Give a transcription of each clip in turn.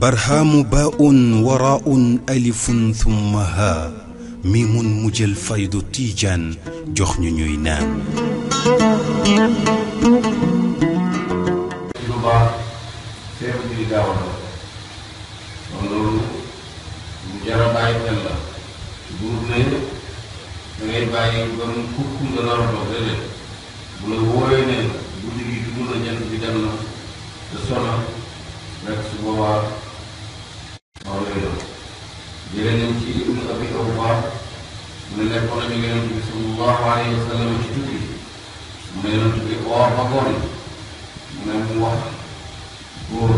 barhaamu baa un waraa un alifun thumma haa mi mun mujjal faydu tiijaan jox ñu ñuy naan. ci lu baax teew bi daaw la kon loolu lu jar a bàyyi xel la buur ne da ngay bàyyi ba mu kukk nga nar a doon bu la wooyee ne la guddi gi dugg la jant bi dem na te sona rek su boobaa noonu lay doon jële nañ ci ibnu abi awwab mu ne nekkoon nañu yonent bi sallallahu alayhi wa sallam ci tukki mu ne yonent bi oor ba goon mu ne mu wax góor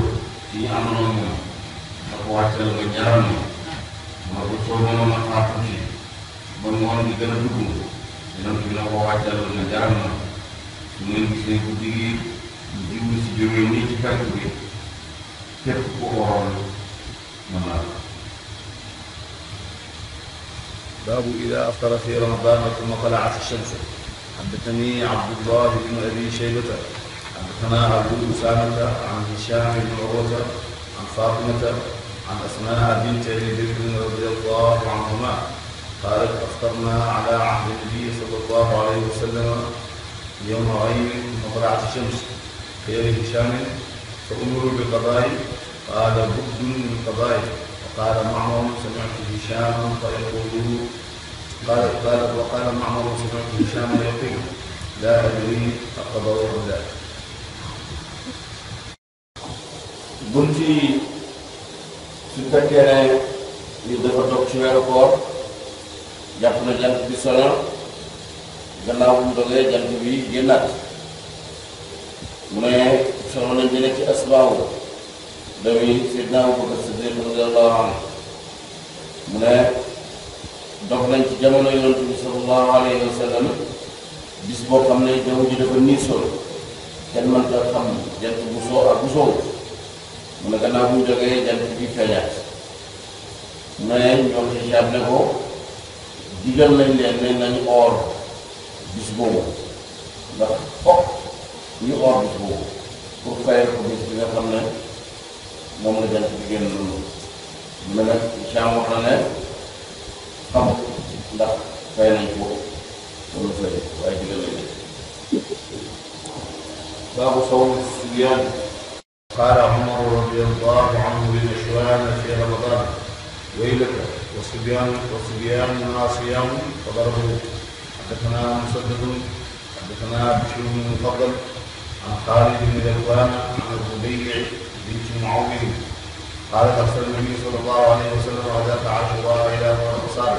ci ñu amoon wàccal ma ko soo a xaar tuuti ba ngoon gën a dugg ko wàccal باب إذا أفطر في رمضان ثم طلعت الشمس حدثني عبد الله بن أبي شيبة حدثنا عبد أسامة عن هشام بن عروة عن فاطمة عن أسماء بنت أبي بكر رضي الله عنهما قالت أفطرنا على عهد النبي صلى الله عليه وسلم يوم غيم وطلعت الشمس كيوم هشام فأمروا بالقضاء قال بد من القضاء وقال معمر سمعت هشام فيقول قال قال وقال معمر سمعت هشام يقول لا أدري القضاء ولا لا bunti su fekkee ne li dafa toog ci weeru koor بسلام gannaaw bu mu dogee jant bi génnaat mu ne solo nañ ñu ne ci asbaaw dami Seydina Abubakar Siddiq radiyallahu anhu mu ne dox bis boo xam ne jaww ji dafa niisoon kenn mënta xam jant bu soo mu ne gannaaw bu mu jant bi feeñaat mu ne ñoom xisaab ne ko digal nañ leen ne nañu oor باسبوع يخفق يقعد باسبوع وكفايه باسبوع خمنا moom la jant bi génn loolu mu ne Jean wax na ne xam ndax fay nañ ko wala fay waaye dina lay def باب صوم الصيام قال عمر رضي الله عنه للإخوان في رمضان ويلك وصبيان وصبيان ما صيام فضربه حدثنا مسدد حدثنا بشير بن المفضل عن خالد بن ذكوان عن الربيع بنت معوذ قال ارسل النبي صلى الله عليه وسلم غداة عاشوراء الى الانصار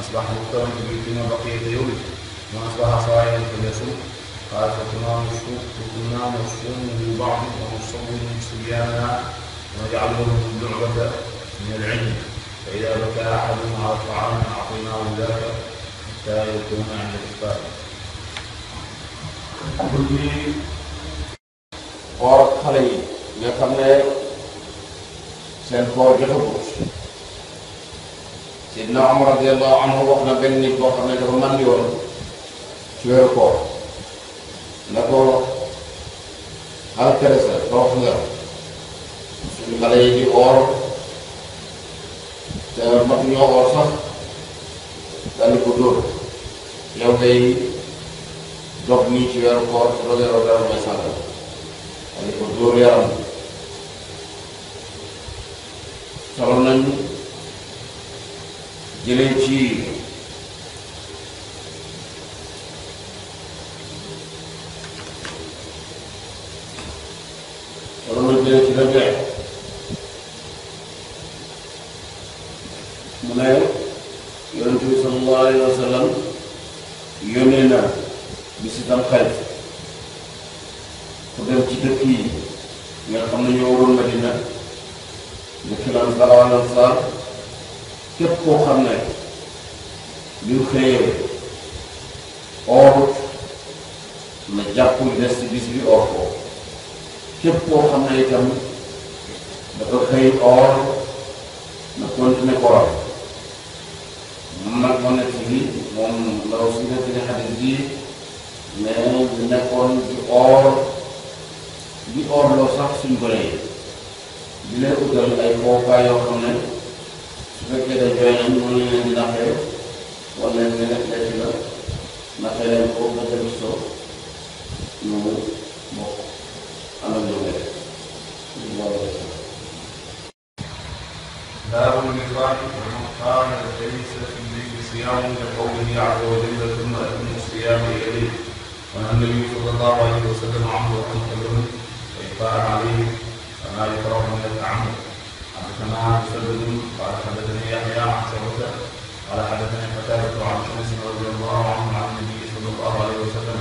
اصبح مضطرا بيتنا بقيه يومه واصبح صائما فليصوم قال فكنا نصوم فكنا نصومه بعض ونصوم صبياننا ونجعلهم لهم لعبه من العلم فاذا بكى احدنا على الطعام اعطيناه ذاك لا يكون عن الإسباب guddi xoor ak xale yi nga xam ne seen xoor jotagut sidna Omar radiallahu anhu wax na benn nit boo xam ne dafa màndi woon ci weeru koor na ko alkeresa torox nga suñu xale yi di oor te mat ñoo oor sax dal ko dóor yow day dox nii ci weeru koor loolu yoroo dara mooy sàngal dal ko dóor yaram solo nañu jëlee ci solo nañu sallallahu alayhi wa sallam na bisi tam xarit ku dem ci nga xam ne ñoo wër Madina dëkk lan barawal ansaar képp koo xam ne ñu xëyee oorut na jàpp des ci bi oor ko képp koo xam ne itam dafa xëy oor na continuer kooram moom nag moo nekk fii moom ndaw si nekk bi mais ñu nekkoon di or di or loo sax suñ gone yi di leen utal ay foofaay yoo xam ne su fekkee dañ jooy nañ di naxee wala leen ne nekk lekk la naxee leen ko ba dem soo ñu bokk anam ñu nekk loolu صيامه لقوله عز وجل ثم أتم الصيام إليه وان النبي صلى الله عليه وسلم عنه وعن كلمه وإخبار عليه فما يكره من التعمد حدثنا مسلم قال حدثني يحيى عن شعبة قال حدثني قتادة عن شمس رضي الله عنه عن النبي صلى الله عليه وسلم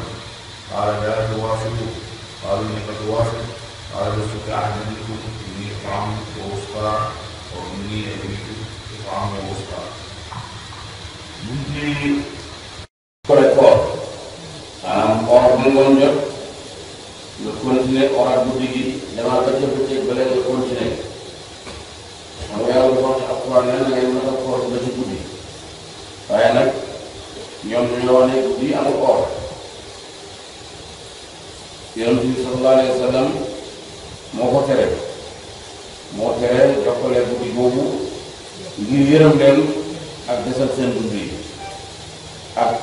قال لا توافقوا قالوا اني قد قال لست أحد منكم اني اطعم ووسطى واني ابيت اطعم ووسطى বুদ্ধি করার পর orang mengonjol lekun sini orang budigi jangan baca baca bela lekun sini saya lekun akuannya nanti mana kor baca budi saya nak nyom nyowane budi aku kor yang Nabi Sallallahu Alaihi Wasallam mau kotere mau kotere jokol yang budi bobu ngir yeram den ak desal sen budi ak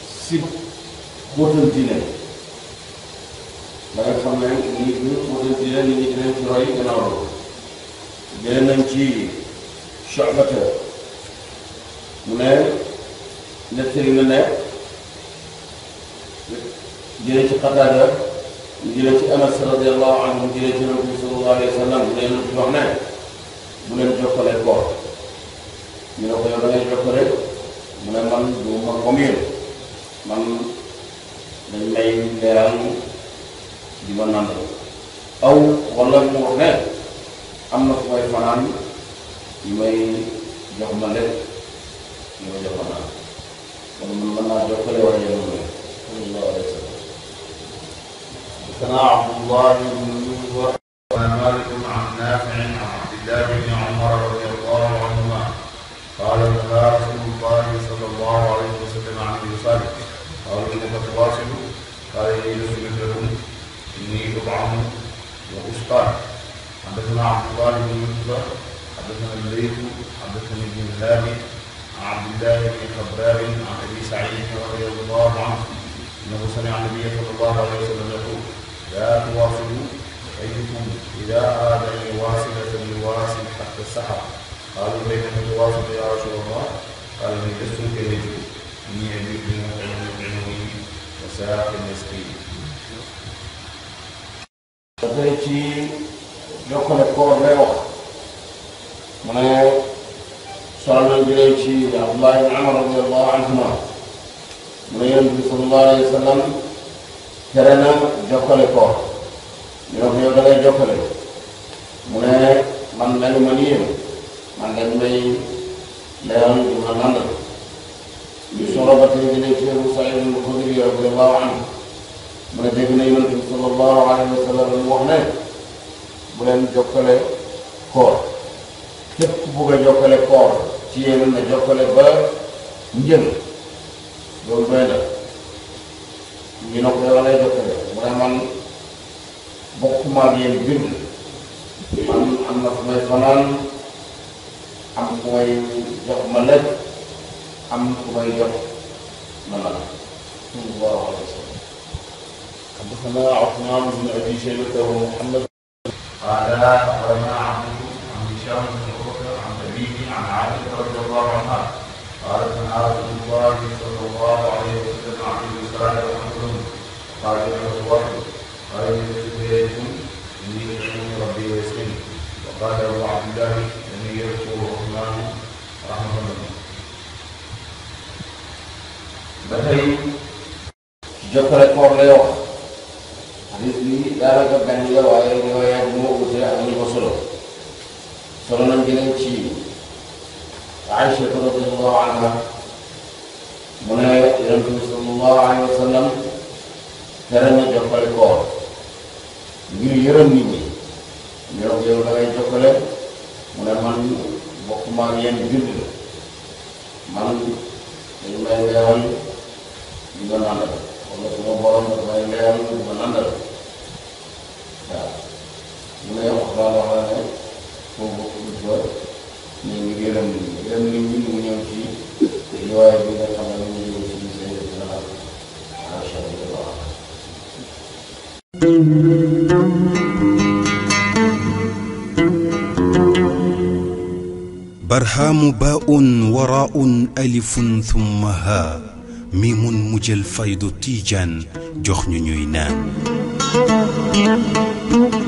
si wóotantine da nga xam ne nit ñi wóotantine nit ñi dinañ ci roy gannaaw loolu jëlee nañ ci Shu'bata mu ne nettali na ne jëlee ci Qataada mu jëlee ci Anas radiyallahu anhu mu jëlee ci Yonent bi sallallahu alayhi wa sallam mu leen ne bu jokkale koor ñu ne ko yow da jokkale mu ne man du ma comme man dañ may leeral di ma nandal aw wala mu wax am na fu may fanaan yi may jox ma lekk yi ma jox ma naan kon man mën naa jokkale wala yéen a sallallahu alayhi wa sallam عبد الله بن يوسف حدثنا الليث حدثني ابن الهاب عن عبد الله بن خباب عن ابي سعيد رضي الله عنه انه سمع النبي صلى الله عليه وسلم يقول لا تواصلوا ايكم اذا اراد ان يواصل فليواصل حتى السحر قالوا بين ان نتواصل يا رسول الله؟ قال من يسلك يجوز اني ابيك بالعنوي وساق المسكين. jokkale koor lay wax mu ne solana jëlee ci abdullah ibn amar radiallahu anhuma mu ne yonent bi salallahu alayhi wa sallam tere na jokkale koor ñu ne ko yow da ngay jokkale mu ne man dañu ma nii man dañu may leeral di ma nandal ñu sorobate jëlee ci abu saïd al xudri radiallahu anhu mu ne dégg na yonent bi salallahu alayhi wa sallam wax ne leen jokkale koor képp ku bugg jokkale koor ci yéen na jokkale ba njël loolu doy na ñu ne ko yow lay jokkale mu ne man bokkuma ak yéen bind man am na fu may fanaan am ku may jox ma lekk am ku may jox ma naan sallallahu alayhi wa sallam حدثنا عثمان بن ابي شيبه ومحمد قال اخبرنا عبد عن هشام بن بكر عن ابيه عن عائشه رضي الله عنها قالت نهى رسول الله صلى الله عليه وسلم عن الوصال وحكم قال له الله قال يزيدكم اني يشكرني ربي ويسلم وقال ابو عبد الله اني يذكر عثمان رحمه الله بتي جفرت ورليوخ daanaka benn la waaye riwaayaat bi moo wute ak ñu ko solo solo nañ jëlee ci Aïcha radiyallahu anha mu ne yonent bi sallallahu alayhi wa sallam tere na jokkale koor ngir yërëm nit ñi ñoo ko yow da ngay jokkale mu ne man bokkuma ak yenn judd la man dañ may leewal ñu ma nandal wala suma borom dañ may leewal ñu ma nandal برهام باء وراء ألف ثم ها ميم مجل فيض تيجان جخن نوينان